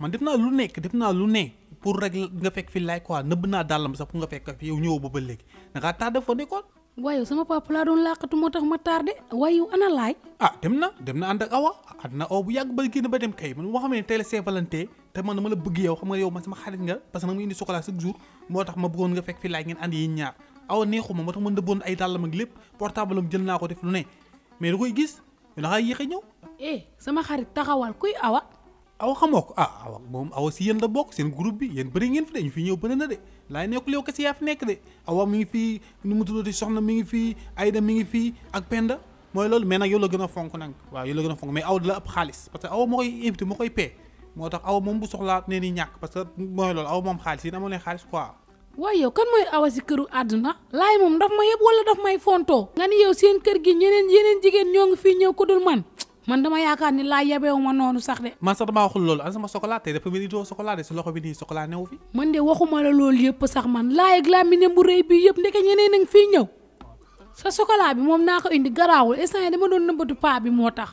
man def naa lu nekk def naa lu ne pour rek nga fekk fi laay quoi nëbb naa dàllam sax pour nga fekk fi yow ñëw ba ba léegi da ngaa ma ah, na dem na ànd ak xam ne te man dama la bëgg yow xam nga yow man sama xarit nga parce que nag mu indi chocolat chaque jour moo tax ma bëggoon nga fekk fi laay ngeen ànd yéen ñaar naa ko def lu ne mais da koy gis da ngaa yéex a ñëw. Eh, sama xarit taxawal kuy awa aw xamoo ko ah aw moom aw si yéen la bokk seen group bi yéen bëri ngeen fi de ñu fi ñëw bëri na de laay nekkul yow kese yaa fi nekk de awa mi ngi fii nu ngi fii ak Penda mooy loolu mais nag yow la gën a fonk nag waaw yow a fonk mais aw la ëpp xaalis parce que aw moo ni ñàkk parce que moom xaalis yéen amoo leen xaalis quoi waaye yow kan mooy awa si këru àdduna laay moom daf ma yëpp wala daf may fontoo nga ni yow seen kër gi ñeneen yeneen jigéen ñoo ngi fi ñëw ko dul man man dama yaakaar ni laa yebewu ma noonu sax de man sax damaa waxul loolu an sama chocolat tey dafa mel ni doo chocolat de si loxo bi nii chocolat newu fi man de waxuma la loolu yëpp sax man laa yëg laa mi ne bu rëy bii yëpp ndeke ñeneen a ngi fii ñëw sa chocolat bi moom naa ko indi garaawul instant yi dama doon nëmbatu paa bi moo tax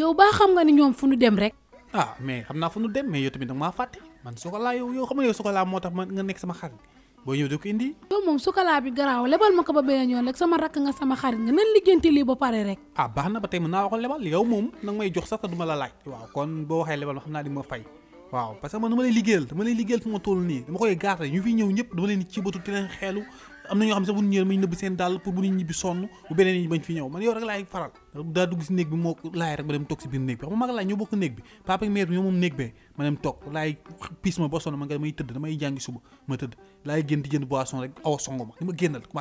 yow baa xam nga ni ñoom fu nu dem rek ah mais xam naa fu nu dem mais yow tamit nag maa fàtte man chocolat yow yow xam nga moo tax man nga nekk sama xarit boo ñëw di ko indi. yow moom sukkalaa bi garaaw lebal ma ko ba beneen yoon rek sama rakk nga sama xarit nga nan liggéenti lii ba pare rek. ah baax na ba tey mën naa waxoon lebal yow moom nag may jox sax te du la laaj. waaw kon boo waxee lebal ma xam naa di ma fay. waaw parce que man dama lay liggéeyal dama lay liggéeyal fu ma toll nii dama koy gaata ñu fi ñëw ñëpp dama leen ci te leen xeelu am na ñoo xam sax bu ñu ñëwee mañ nëbb seen dàll pour bu ñu ñibbi sonn bu beneen yi bañ fi ñëw man yow rek laay faral daa dugg si néeg bi moo laay rek ma dem toog si biir néeg bi xam nga mag moom néeg bee ma dem toog laay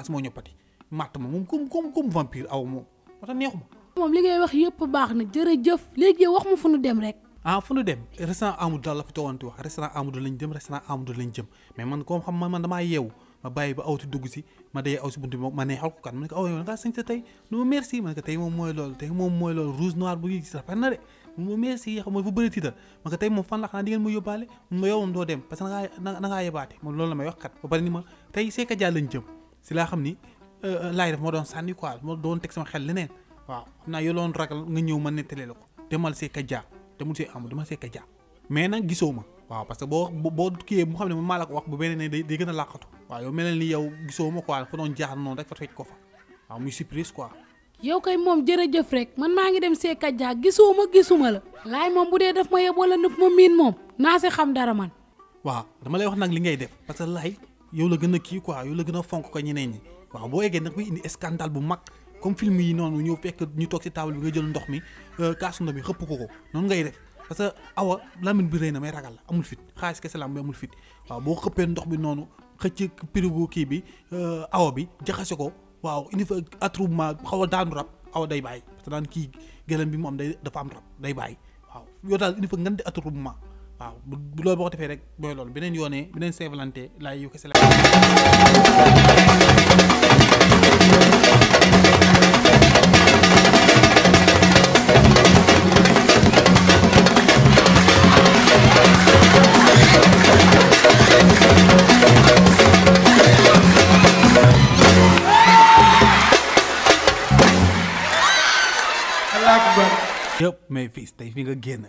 moo ñoppati matt ma moom comme comme comme vampire aw moom moo tax moom li ngay wax yëpp baax na jërëjëf léegi wax ma fu nu dem rek ah, fu nu dem restaurant Amadou daal la fi toogante wax restaurant Amadou lañ jëm restaurant Amadou lañ jëm mais man comme xam man man damaa yeewu ma bàyyi ba aw si dugg si ma dee aw si buntu bi ma neexal ko kat ma ne ko aw yow da ngaa sañ sa tey nu ma merci ne ko tey moom na de mu nga fu bëri ma ne ko tey moom fan la xanaa di ngeen ma yóbbaale ma demal see am mais nag gisoo ma waaw parce que boo boo kiyee mu xam ne ma maa la ko wax bu beneen day gën a làqatu waaw yow mel ni yow gisoo ma quoi fa doon jaar noonu rek fa fekk ko fa waaw muy surprise quoi. yow kay moom jërëjëf rek man maa ngi dem seeka jaa gisoo ma gisuma la. laay moom bu dee daf ma yeboo la nëf ma miin moom naa si xam dara man. waaw dama lay wax nag li ngay def parce que laay yow la gën a kii quoi yow la gën a fonk ko ñeneen ñi waaw boo eggee nag muy indi scandale bu mag comme film yi noonu ñëw fekk ñu toog si table bi nga jël ndox mi euh, kaasu ndox mi xëpp ko ko noonu ngay def. parce que na may ragal la amul fit xaalis la am xëcc pirigu kii bi euh, awa bi jaxase ko waaw indi fa attroupement xaw a daanu rab awa day bàyyi parce que daan kii gëlëm bi mu am day dafa am rab day bàyyi waaw yow daal indi fa ngan di attroupement waaw bu loolu boo ko defee rek mooy loolu beneen yoonee beneen Saint-Valentin laay yu kese yëpp mais fii tey fii nga génn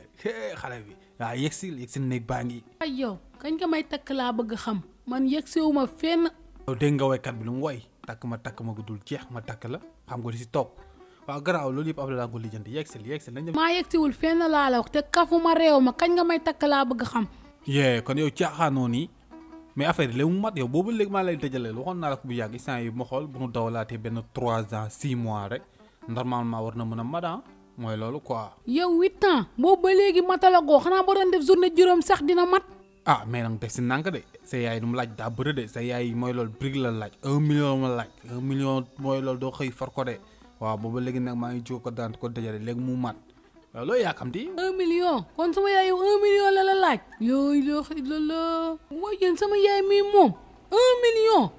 xale bi waaw yegsil yegsil néeg baa ngi. ay yow kañ nga may takk laa bëgg xam man yegsiwuma fenn. yow dégg nga woykat bi lu mu woy takk ma takk ma guddul jeex ma takk la xam si toog waaw garaaw loolu yëpp Abdoulaye ko lijjanti yegsil nañ. maa yegsiwul fenn laa te kafuma réew ma kañ nga may takk laa bëgg xam. yee kon yow caaxaanoo nii mais affaire yi léegi mu mat yow boobu léegi maa lay dajaleel waxoon naa la ko bu yàgg instant yi ma xool bu nu dawalaatee benn 3 ans 6 mois rek normalement war na mën a mat ah. mooy loolu quoi. yow huit ans boobu ba léegi matalagoo xanaa ba doon def journée juróom sax dina mat. ah mais nag def si nànk de sa yaay du mu laaj daa bëri de sa yaay mooy loolu brique la laaj un million ma laaj un mooy loolu doo xëy far ko de waaw booba léegi nag maa ngi jóg ko daan ko dajale léegi mu mat waaw loolu yaakamti un million kon sama yaay yow million la la laaj. yooyu loo xëy la mooy yéen sama yaay mi moom un million.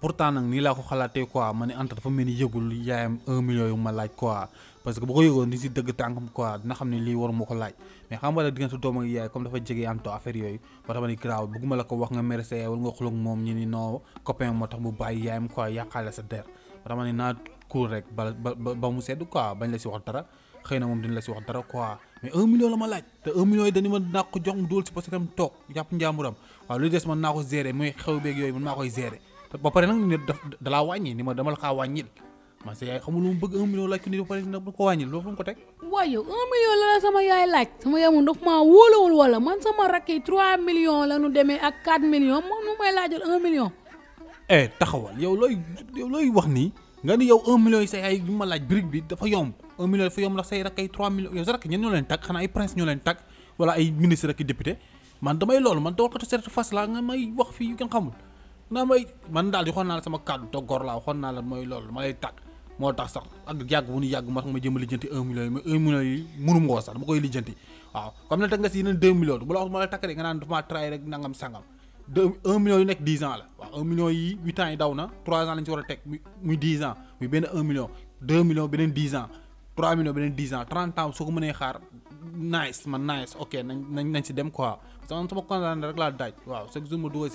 pourtant nag nii laa ko xalaatee quoi ma ne entre dafa mel ni yëgul yaayam un million yu ma laaj quoi. parce que bu ko yëgoon ni si dëgg tànkam quoi dina xam ne lii waru ma ko laaj mais xam nga rek diggante doom ak yaay comme dafa jege am to affaire ba tax ma ni ba la si wax dara xëy na moom dina la si wax dara mais la ma laaj te un ko jox mu que tam toog jàpp njàmburam waaw lu des xew beeg yooyu man maa koy gérer ba pare nag ni daf dalaa wàññi ni ma dama la kaa wàññil man sa yaay xamul mu bëgg un million laaj ko ni na ko sama yaay laaj sama yaay moom dafa maa wóolawul wala man sama rakk yi trois millions la nu demee ak quatre millions moom nu million eh, taxawal yaw looy yow looy wax nii nga ni yow un million yi sa bi ma laaj brique bi dafa yomb un million dafa yomb ndax say rakk ay trois millions yow sa rakk ñen ñoo leen tag xanaa ay prince ñoo leen tag wala ay ministre ak député man damay loolu man dawal ko te seet fas laa nga may wax fii yu man daal di xoon naa la sama kàddu te gor laa xoon naa la loolu ma lay moo tax sax ak yàgg bu ñu yàgg ma tax ma jëm a lijjanti un million yi mais un million yi mënuma ko sax dama koy lijjanti waaw comme ne teg nga si yeneen deux millions bu ma la takk rek nga naan dafa trahi rek nangam sangam deux un million yu waaw un million yi huit ans yi daw na trois ans lañ si war a teg muy dix ans muy benn un million deux millions beneen dix ans trois millions beneen dix ans trente ans soo ko mënee xaar nice man nice ok nañ nañ si dem quoi parce que man sama kontaan rek laa daaj waaw chaque jour ma dugal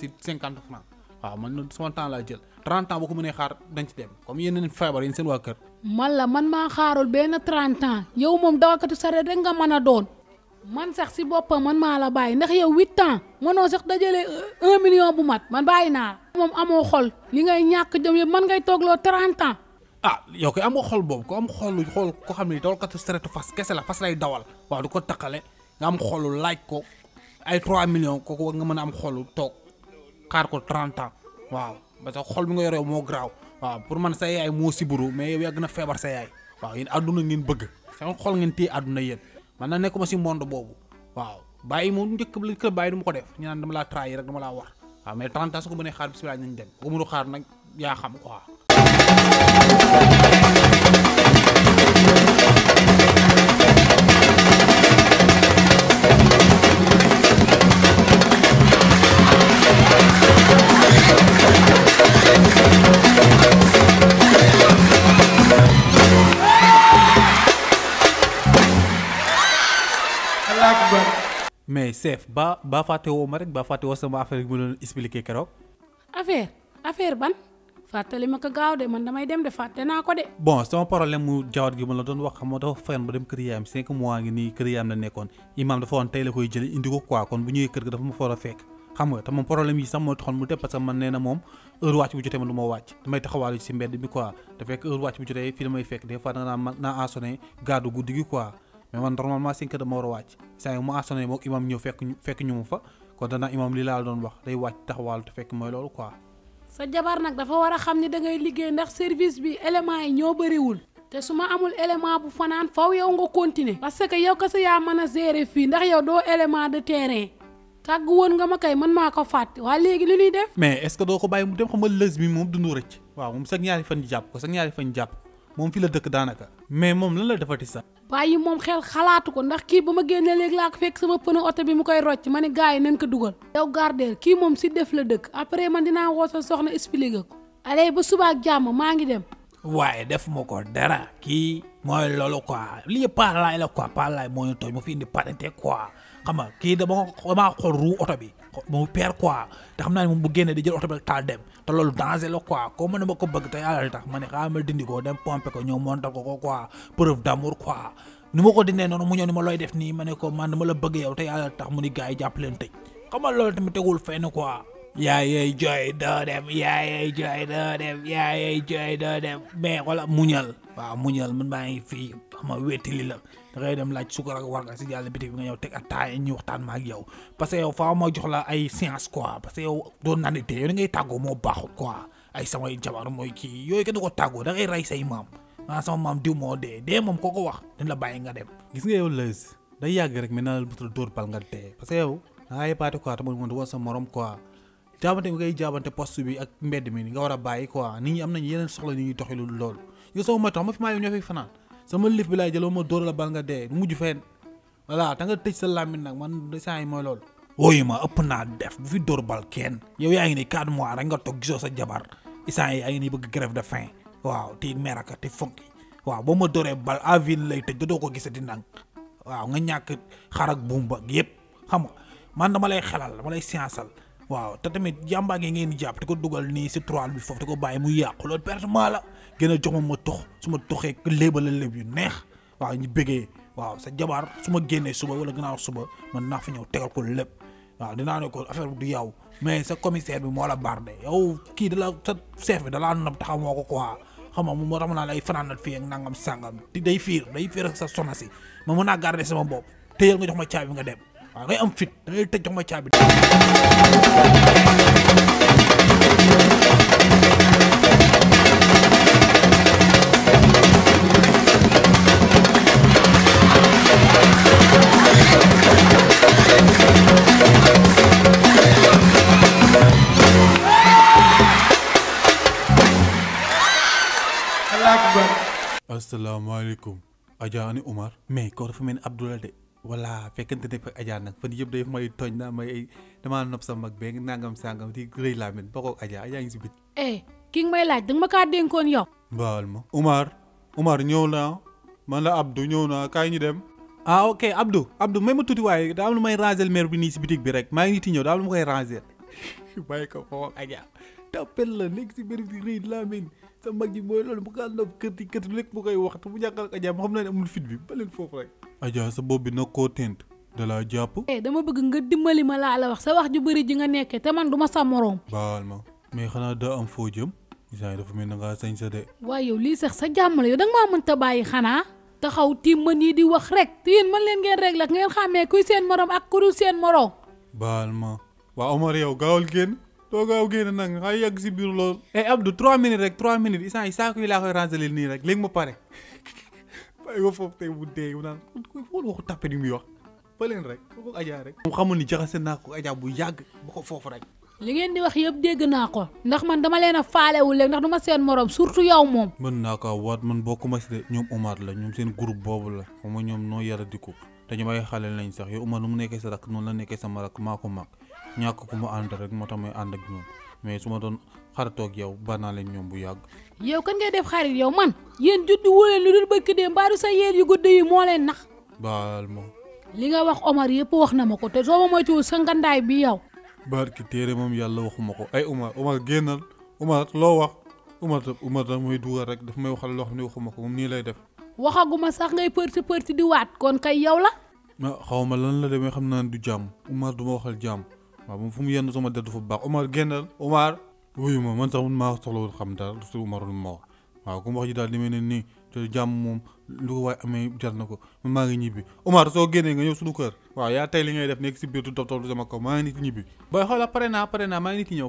waaw man sama temps laa jël 30 ans boo ko mënee xaar dañ ci dem comme yeneen feebar yéen seen waa kër. man la man maa xaarul benn 30 ans yow moom dawakatu sareet rek nga mën a doon man sax si boppam man maa la bàyyi ndax yow 8 ans mënoo sax dajale euh, million bu mat man bàyyi naa moom amoo xol li ngay ñàkk jëm yëpp man ngay toogloo 30 ans. ah yow koy amoo xol boobu ko am xolu xool ko xam ne dawalkatu sareetu fas kese la fas lay dawal waaw du ko taqale nga am xolu laaj ko ay 3 millions kooku war nga mën a am xolu toog. xaar ko 30 ans waaw parce que xol bi nga yoree moo graaw waaw pour man sa yaay moo siburu mais yow yaa gën a feebar sa yaay waaw yéen àdduna ngeen bëgg sama xol ngeen téye àdduna yéen man na nekkuma si monde boobu waaw bàyyi moom njëkk la kër bàyyi du ma ko def ñu naan dama laa trahir rek dama laa war waaw mais 30 ans su ko mënee xaar bisimilah nañ dem ko mënu xaar nag yaa xam quoi mais chef ba baa fàtte woo ma rek ba fàtte woo sama affaire bi ma doon expliquer keroog. affaire affaire ban fàttali ma ko gaaw de man damay dem de fàtte naa ko de. bon sama problème mu jawat gi ma la doon wax xam nga dafa fayoon nekkoon imaam dafa woon tey la koy jëlee indi ko quoi a fekk. xam nga te moom problème yi sax moo taxoon mu def parce que man nee moom heure wàcc jotee ma du wàcc damay taxawaalu ci mbedd mi quoi te fekk heure wàcc bu jotee fii damay fekk des fois da nga naa assoné garde guddi gi mais man normalement cinq heures dama war a wàcc saa yi mu assoné moom imam ñëw fekk ñu fekk ñu mu fa kon danaa imam li laa doon wax day wàcc taxawal te fekk mooy loolu quoi. sa jabar nag dafa war a xam ni da ngay liggéey ndax service bi élément yi ñoo bëriwul. te su ma amul élément bu fanaan faw yow nga continuer parce que yow kese yaa mën a gérer fii ndax yow doo élément de terrain tàgg woon nga ma kay man maa ko fàtte waa léegi li ñuy def. mais est ce que doo ko bàyyi mu dem xam nga lës bi ñaari fan jàpp ko sax ñaari jàpp moom fi la dëkk daanaka. mais moom lan la defati sax. bàyyi moom xel xalaatu ko ndax kii ba ma génnee léegi laa ko fekk sama pneu oto bi mu koy rocc ma ne gars yi nañ ko dugal yow gardeel kii moom si def la dëkk après man dinaa woo sa soxna expliqué ko allez ba suba jàmm maa ngi dem waaye def ma ko dara kii mooy loolu quoi lii parlaay la ko quoi parlaay moo ñu tooñ mu fi indi parenté quoi xam nga kii dama damaa xool ruu oto bi moom père quoi te naa ne moom bu génnee di jël oto bi rek taal dem te loolu danger la quoi comme man ma ko bëgg te yàlla tax ma ne xaaral ma dindi ko dem pomper ko ñëw montal ko ko quoi preuve d'amour quoi ni ma ko dindee noonu mu ñëw ni ma looy def nii ma ne ko man dama la bëgg yow te yàlla tax mu ni gars yi jàpp leen tëj xam nga loolu tamit tegul fenn quoi. yaayey jooy doo dem yaayey jooy doo dem yaayey jooy doo dem muñal waaw muñal man maa ngi fii xam nga la. da dem laaj sukar ak war nga si jàll bitik bi nga ñëw teg ataaya ñuy waxtaan ma yow parce que yow ma jox la ay science quoi parce que yow doon naan yow da ngay tàggoo moo baaxul quoi ay samay jabar mooy kii yooyu kenn du ko tàggoo da ngay rey say maam maanaam ah sama maam diw moo dee dee moom koo wax dañ la bàyyi nga dem. gis nga yow Leuz day yàgg rek mais na la bëgg bal nga dee parce que yow da ngay yëppaate quoi te mu mën sa morom quoi. jaabante bi ngay jaabante poste bi ak mbedd mi nga war a bàyyi quoi nit ñi am nañu yeneen soxla yu ñuy doxalu sama lif bi laay jël ma dóor la bal nga dee du mujj fenn voilà ta nga tëj sa làmmiñ nag man de saa yi mooy loolu. ooyu ma ëpp naa def bu fi door bal kenn. yow yaa ngi ni 4 mois rek nga toog gisoo sa jabar isaan yi yaa ngi ni bëgg grève de faim waaw te meraka te fonk waaw boo ma dooree bal à ville lay tëj doo ko gisati nang waaw nga ñàkk xarak buum ba yëpp xam nga man dama lay xelal dama lay scienceal waaw te tamit jàmbaa ngi ngeen jàpp te ko dugal nii si trois bi foofu te ko bàyyi mu yàqu loolu pertement la gën a jox ma ma tox su ma toxee léeba la léeb yu neex waaw ñu bëggee waaw sa jabaar su ma génnee suba wala gannaaw suba man naa fa ñëw tegal ko lépp waaw dinaa ne ko affaire bi du yow mais sa commissaire bi moo la bardé yow kii da la sa chef da laa nab taxaw moo ko quoi xam nga moo ma naa lay fanaan fii ak nangam sàngam di day fiir day fiir sa sona si ma mën naa garder sama bopp téyal nga jox ma caabi nga dem waaw ngay am fit da ngay tëj jox ma caabi. asalaamaaleykum Adja ani Umar mais koo dafa mel ni Abdoulaye de voilà fekkente ne fa Adja nag fan yëpp day may tooñ naa may ay damaa nopp sa mag beeg nangam sangam di rëy laa mel ba koog Adja Adja ngi si bit. eh ki nga may laaj danga ma kaa dénkoon yow. baal Umar Umar ñëw naa man la Abdou ñëw naa kaay dem. a ah, ok Abdou Abdou may ma tuuti waaye daa am lu may ranger maire bi nii si bitig bi rek maa ngi nit ñëw daa am lu ma koy ranger. bàyyi ko foofu Adja. tapel la nekk si béréb di rëy laamin sa mag ji mooy loolu bu ko àndoon kër yi kër lépp mu koy wax te bu ñàkkal ak Adja xam naa ne amul fit bi ba leen foofu rek. Adja sa bopp bi nag koo tent da jàpp. Eh, dama bëgg nga dimbali ma laa la wax sa wax ju bëri ji nga nekke te man duma ma sa moroom. baal ma mais xanaa daa am foo jëm. isaani dafa mel na ngaa sañ sa de. waaye yow lii sax sa jàmm la yow da nga maa mënta bàyyi xanaa. taxaw tiim ma nii di wax rek. te yéen leen ngeen réglé ak ngeen xàmmee kuy seen moroom ak ku dul seen moroom. baal ma waa Omar yow gaawal toogaaw génn nag nga yegg si biir lool. eh Abdou 3 minutes rek 3 minutes instant yi saako yi laa koy rangelé nii rek léegi ma pare. bàyyi ko foofu tey bu dee mu naan muy wax ba rek foofu Adja rek. mu xamul ni jaxase naa ko Adja bu yàgg ba foofu rek. li ngeen di wax yëpp dégg naa ko ndax man dama leen a faalewul léegi ndax du ma seen morom surtout yow moom. mën naa ko waat man bokkuma si de ñoom Omar la ñoom seen groupe boobu la xaw ma ñoom noo yara di ko te ñu may xale lañ sax yow Omar nu mu nekkee sa rak noonu la nekkee sama rak maa ko mag ñàkk ku ma ànd rek moo tax may ànd ak ñoom mais su ma doon xaritoog yow bàyyi naa leen ñoom bu yàgg. yow kan ngay def xarit yow man yéen juddu woo lu dul bëgg dee mbaaru sa yéen yu gudd yi moo leen nax. baal ma. li nga wax Omar yëpp wax na ma ko te soo ma moytuwul sa ngandaay bi yow. barki téere moom yàlla waxuma ko ay Omar Omar génnal Omar loo wax Omar tam Omar tam muy dugal rek daf may waxal loo xam ne waxuma ko moom nii lay def. waxaguma sax ngay përti përti di kon kay yow la. xaw ma lan la demee xam naa du jàmm du ma waxal jàmm. waaw moom fu mu yenn sama deddu fu baax Omar génnal Omar wuyu ma man sax mun maa soxlawul xam dara su Omar lu ma wax wax ji daal li mel nii te jàmm moom lu ko waaye amee jar na ko man maa ngi ñibbi Omar soo génnee nga ñëw suñu kër waaw yaa tey li ngay def nekk si biir du topp topp sama kaw maa ngi nit ñibbi booy xoola pare naa pare naa maa ngi nit ñëw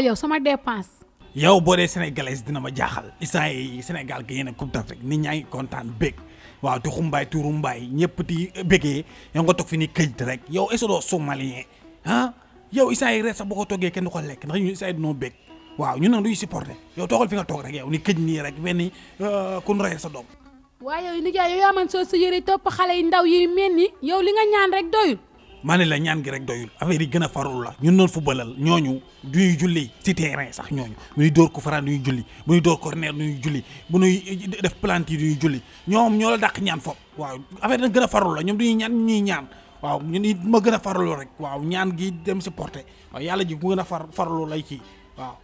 yow sama dépense. yow boo dee sénégalaise dina ma jaaxal instant yi Sénégal gi yéen a coupe d'Afrique nit ñaa ngi kontaan bëgg waaw tu xumbaay tu rumbaay ñëpp di bëggee yow nga fi ni këyit rek yow est-ce que doo somalien ah yi rek sax boo ko toggee kenn du ko lekk ndax ñun instant yi dunoo bëgg waaw ñun nag duñu supporté yow toogal fi nga toog rek yaw ni këj nii rek mel ni euh, ku nu rey sa doom. waaye yow nijaay yow yaa man soo sa yëre topp xale yi ndaw yi mel ni yow li nga ñaan rek doyul. maa ne la ñaan gi rek doyul affaire yi gën a farul la ñun noonu footballal ñooñu duñuy julli ci terrain sax ñooñu bu ñuy dóor kufara duñuy julli bu ñuy dóor corner duñuy julli bu ñuy def plante yi duñuy julli ñoom ñoo la dàq ñaan foofu waaw affaire nag gën a farul la ñoom duñuy ñaan ñuy ñaan waaw ñu it ma gën a farlu rek waaw ñaan gi dem si porte waaw yàlla ji mu gën a far farlu lay kii waaw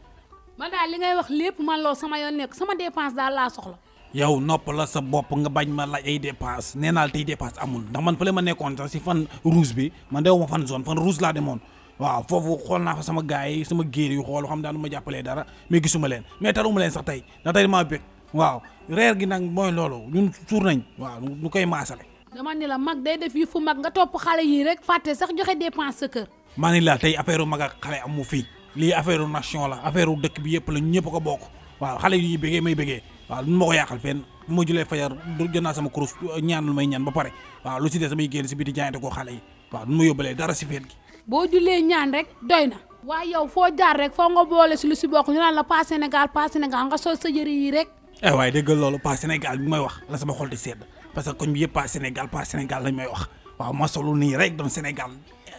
man daal li ngay wax lépp man loo sama yoon nekk sama dépense daal laa soxla yow nopp la sa bopp nga bañ ma laaj ay dépense nee naa la tey dépense amul ndax man fële ma nekkoon sax si fan rouge bi man dew ma fan zone fan rouge laa demoon waaw foofu xool naa fa sama gars yi sama géer yu xool xam daanu ma jàppalee dara mais gisuma leen mais taruma leen sax tey ndax tey maa bëgg waaw reer gi nag mooy loolu ñun suur nañ waaw ñu koy maasale dama ni la mag day def yi fu mag nga topp xale yii rek fàtte sax joxe dépense sa kër maa ni la tey affaire mag ak xale amu fii lii affaire u nation la affaire u dëkk bi yëpp la ñëpp ko bokk waaw xale yi may bëggee waaw lu ma ko yàqal fenn bu ma julee fajar jot naa sama kurus euh, ñaan lu may ñaan ba pare waaw lu si des samay génn si biti jaayante koo xale yi waaw du ma yóbbalee dara si feet gi boo julee ñaan rek doy na waaye yow foo jaar rek foo nga boole si lu si bokk ñu naan la pas Sénégal pas Sénégal nga sol sa yëre yi rek eh waaye dëggal loolu pas Sénégal bi may wax la sama xol di sedd parce que koñ bi yëpp pas Sénégal pas Sénégal lañ may wax waaw ma solu rek doon Sénégal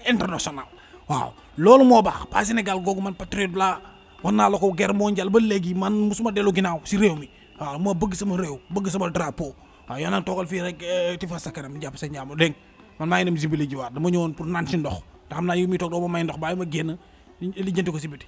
international waaw loolu moo baax pas Sénégal googu man patriote laa wax naa la ko guerre mondiale ba léegi man musuma dellu ginnaaw si réew mi waaw moo bëgg sama réew bëgg sama drapeau waaw yow nag toogal fii rek eh, ti fa sa kanam jàpp sa ñaamu dégg man maa ngi dem jibili jiwaat dama ñëwoon pour naan si ndox te xam naa yow muy toog doo ma may ndox bàyyi ma génn lijjanti ko si biti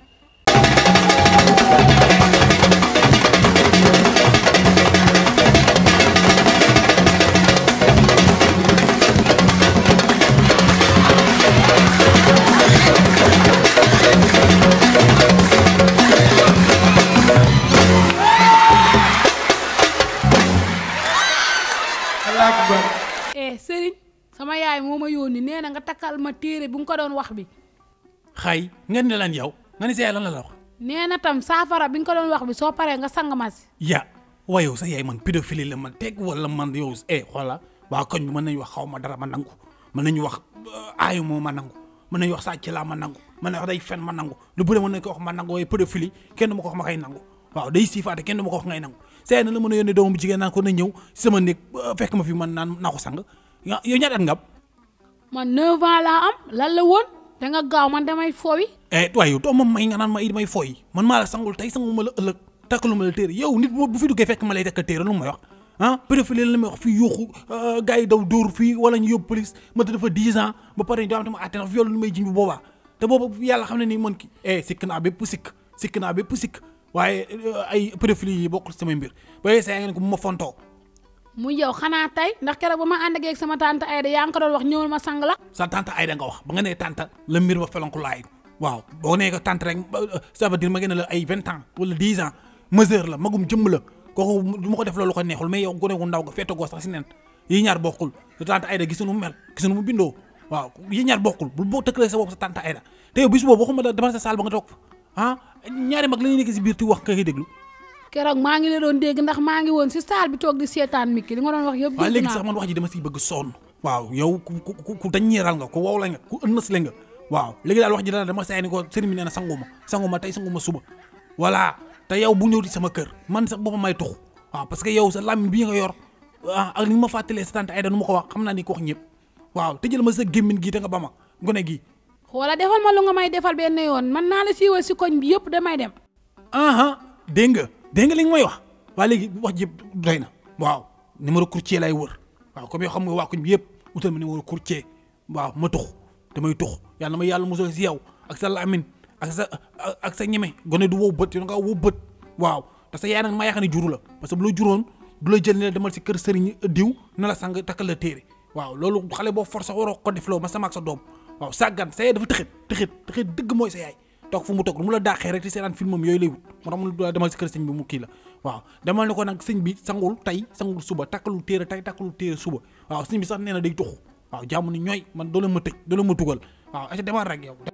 sama yaay moo ma yónni nee na nga takkal ma téere bu nga ko doon wax bi. xay ngeen ne lan yow nga ne sa yaay lan la la wax. nee na tam saafara bi nga ko doon wax bi soo paree nga sang ma si. ya waaye yow sa yaay man pédophile la man teg wala man yow eh xoola waa koñ bi nañu wax xaw ma dara ma nangu mën nañu wax euh, aayu moo ma nangu mën nañu wax sàcc laa ma nangu mën wax day fen ma nangu lu bëri mën nañu ko wax ma nangu waaye pédophile kenn du ma ko wax ma koy nangu waaw day siifaate kenn du ma ko wax ngay nangu sa yaay na la mën a yónnee doomu jigéen ko na ñëw sama néeg euh, fekk ma fi man naan naa ko sang yow ñaata at nga man 9 ans laa am lan la woon da nga gaaw man damay fooyi. Eh, waaye yow toog ma may nga naan ma may fooyi man maa la sangul tey sangu ma la ëllëg takkalu ma la téere yow nit bu fi duggee fekk ma lay takk téere lu may wax. ah préféré la may wax fii yooxu ah, gars yi daw dóor fii wala ñu yóbbu police ma tëdd fa 10 ba pare ñu am atte ndax viol lu may jiñ bu boobaa te boobu yàlla xam ne ni man ki eh sikk naa bépp sikk sikk naa bépp sikk waaye eh, ay pédophilie yi bokkul samay mbir ba yee saa ngeen mu yow xanaa tey ndax kere ba ma ànd ak sama tante Aida yaa ngi ko doon wax ñëwal la. sa tante Aida nga wax ba nga nee tante la mbir ba felonku laay waaw boo nee ko rek ça veut dire ma gën a la ay vingt ans wala dix ans mesure la magum jëmm la kooku du ma ko def loolu ko neexul mais yow gone gu ndaw ga fete goo sax si neen yi ñaar bokkul sa tante Aida gisuñu mu mel gisuñu mu bindoo waaw yi ñaar bokkul bu boo tëkkalee sa bopp sa tante Aida te yow bis boobu waxuma la demal sa saal ba nga toog ah ñaari mag la ñuy déglu keroog maa ngi la doon dégg ndax maa ngi woon si saal bi toog di seetaan Mickey li nga doon wax yëpp. dégg léegi sax man wax ji dama siy bëgg sonn. waaw yow ku ku ku dañ ñeeral nga ko wow la nga ku la nga waaw léegi daal wax ji dana dama say ni ko sëriñ bi nee na sanguma sanguma tey sanguma suba voilà te yow bu ñëw di sama kër man sax boppam may tux waaw parce que yow sa làmmiñ bi nga yor ah, ak li ma fàttalee sa tante Aïda nu ma ko wax xam naa ni ko wax ñëpp waaw te jël ma sa gémmin gii te nga ba ma gone gii xoola defal ma lu nga may defal benn yoon man naa la siiwal si koñ bi yëpp damay dem aha dégg nga dégg nga li nga wax waa léegi wax ji doy na waaw numéro courtier lay wër waaw comme yoo xam nga waa koñ bi yëpp utal ma numéro courtier waaw ma tux damay tux yàlla na ma yàlla musal si yow ak sa làmmiñ ak sa ak sa ñeme gone du wow bët nga wow bët waaw te sa yaay nag maa yaakaar juru la parce que bu la juróon du la jël ne demal si kër sëriñ diw na la sang takkal la téere waaw loolu xale boo force war ko def loo ma sama ak sa doom waaw sàggan sa yaay dafa tëxit tëxit tëxit dëgg mooy sa yaay toog fu mu toog lu mu la dàqee rek ci seetaan filmam yooyu lay wut moo tax mu la demal si kër sëñ bi mu kii la waaw demal ne ko nag sëñ bi sangul tey sangul suba takkalu téere tey takkalu téere suba waaw sëñ bi sax nee na day tuxu waaw jàmm ni ñooy man doo ma tëj doo leen ma tugal waaw acca demal rek yow